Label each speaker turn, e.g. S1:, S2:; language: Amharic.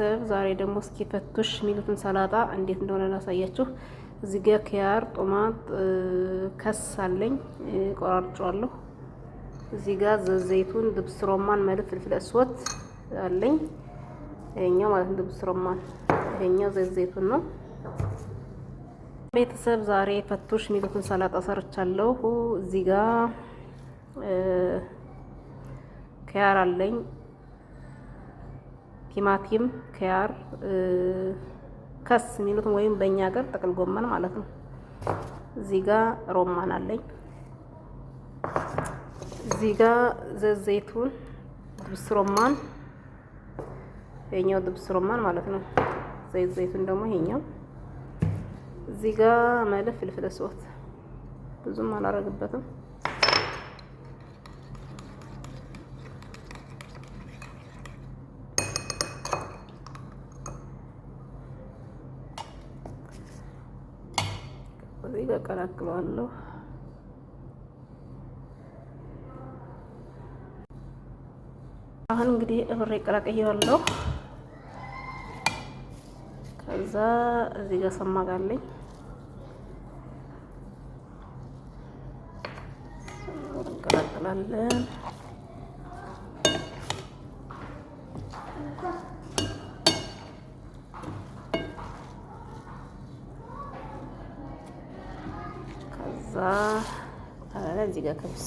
S1: ቤተሰብ ዛሬ ደግሞ እስኪ ፈቱሽ የሚሉትን ሰላጣ እንዴት እንደሆነ ላሳያችሁ። እዚህ ጋር ኪያር፣ ጦማት፣ ከስ አለኝ ቆራርጫለሁ። እዚህ ጋር ዘዘይቱን፣ ድብስ ሮማን፣ መልፍ፣ ፍልፍል እስወት አለኝ። ይሄኛው ማለት ነው ድብስ ሮማን፣ ይሄኛው ዘዘይቱን ነው። ቤተሰብ ዛሬ ፈቱሽ የሚሉትን ሰላጣ ሰርቻለሁ። እዚህ ጋር ኪያር አለኝ ቲማቲም፣ ኪያር፣ ከስ የሚሉትን ወይም በእኛ ሀገር ጥቅል ጎመን ማለት ነው። እዚህ ጋ ሮማን አለኝ። እዚህ ጋ ዘዘይቱን፣ ድብስ ሮማን፣ የኛው ድብስ ሮማን ማለት ነው። ዘይት ዘይቱን ደግሞ ይሄኛው። እዚህ ጋ ማለት ፍልፍል ስወት ብዙም አላረግበትም። እዚህ ጋር ቀላቅለዋለሁ። አሁን እንግዲህ እብሬ ቀላቅየዋለሁ። ከዛ እዚህ ጋር ሰማጋለኝ እንቀላቅላለን። ከዛ አረዚ ጋር ከብስ